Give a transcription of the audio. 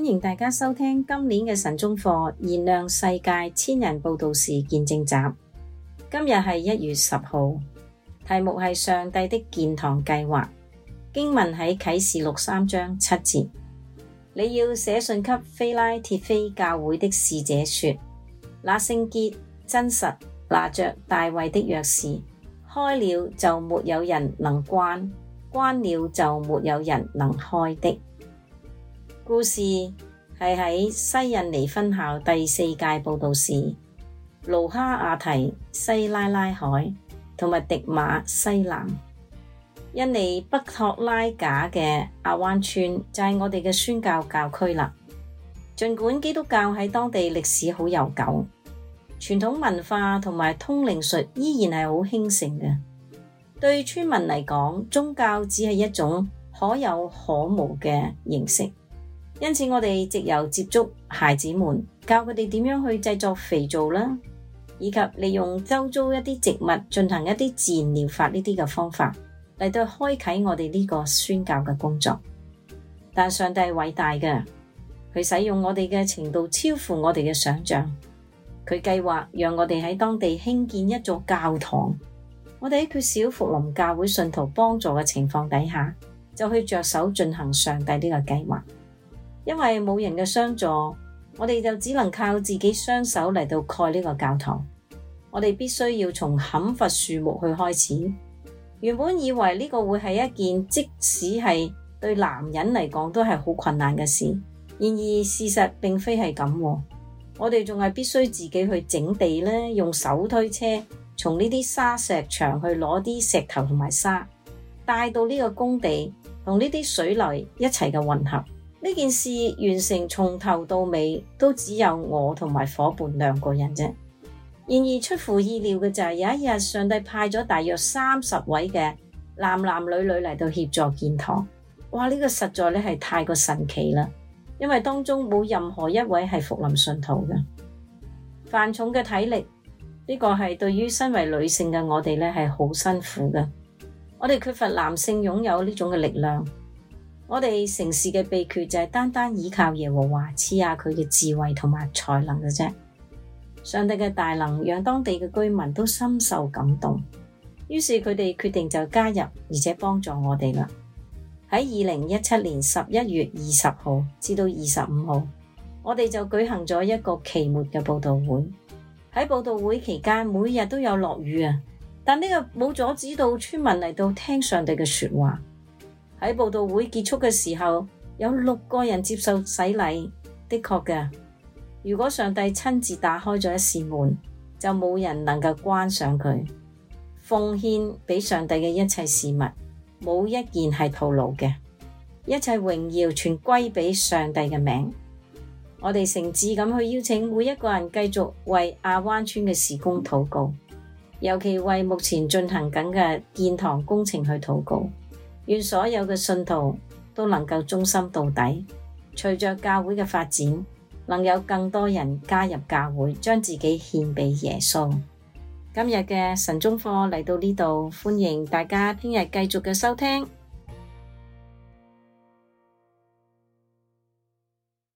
歡迎大家收聽今年嘅晨鐘課《燃亮世界千人佈道士見證集》。今日係一月十號，題目係上帝的建堂計劃。經文喺啟示錄六三章七節。你要寫信給腓拉鐵非教會的使者說：那聖潔真實拿着大衛的鑰匙，開了就沒有人能關，關了就沒有人能開的。故事，係喺西印尼分校第四屆報道時，盧哈亞提西拉拉海同埋迪馬西南印尼北托拉賈嘅阿灣村就係我哋嘅宣教教區啦。儘管基督教喺當地歷史好悠久，傳統文化同埋通靈術依然係好興盛嘅。對村民嚟講，宗教只係一種可有可無嘅形式。因此，我哋藉由接觸孩子們，教佢哋點樣去製作肥皂啦，以及利用周遭一啲植物進行一啲自然療法呢啲嘅方法嚟到開啓我哋呢個宣教嘅工作。但上帝偉大嘅，佢使用我哋嘅程度超乎我哋嘅想像。佢計劃讓我哋喺當地興建一座教堂。我哋喺缺少伏隆教會信徒幫助嘅情況底下，就去着手進行上帝呢個計劃。因為冇人嘅相助，我哋就只能靠自己雙手嚟到蓋呢個教堂。我哋必須要從砍伐樹木去開始。原本以為呢個會係一件即使係對男人嚟講都係好困難嘅事，然而事實並非係咁啊。我哋仲係必須自己去整地啦，用手推車從呢啲沙石場去攞啲石頭同埋沙，帶到呢個工地同呢啲水泥一齊嘅混合。呢件事完成，從頭到尾都只有我同埋伙伴兩個人啫。然而出乎意料嘅就係、是、有一日上帝派咗大約三十位嘅男男女女嚟到協助建堂。哇！呢、這個實在咧係太過神奇啦，因為當中冇任何一位係復臨信徒嘅。繁重嘅體力，呢、這個係對於身為女性嘅我哋咧係好辛苦嘅。我哋缺乏男性擁有呢種嘅力量。我哋城市嘅秘訣就係單單依靠耶和華賜下佢嘅智慧同埋才能嘅啫。上帝嘅大能讓當地嘅居民都深受感動，於是佢哋決定就加入而且幫助我哋啦。喺二零一七年十一月二十號至到二十五號，我哋就舉行咗一個期末嘅佈道會。喺佈道會期間，每日都有落雨啊，但呢個冇阻止到村民嚟到聽上帝嘅說話。喺佈道會結束嘅時候，有六個人接受洗禮。的確嘅，如果上帝親自打開咗一扇門，就冇人能夠關上佢。奉獻畀上帝嘅一切事物，冇一件係徒勞嘅。一切榮耀全歸畀上帝嘅名。我哋誠摯咁去邀請每一個人繼續為亞灣村嘅事工禱告，尤其為目前進行緊嘅建堂工程去禱告。願所有嘅信徒都能夠忠心到底。隨着教會嘅發展，能有更多人加入教會，將自己獻俾耶穌。今日嘅晨鐘課嚟到呢度，歡迎大家聽日繼續嘅收聽。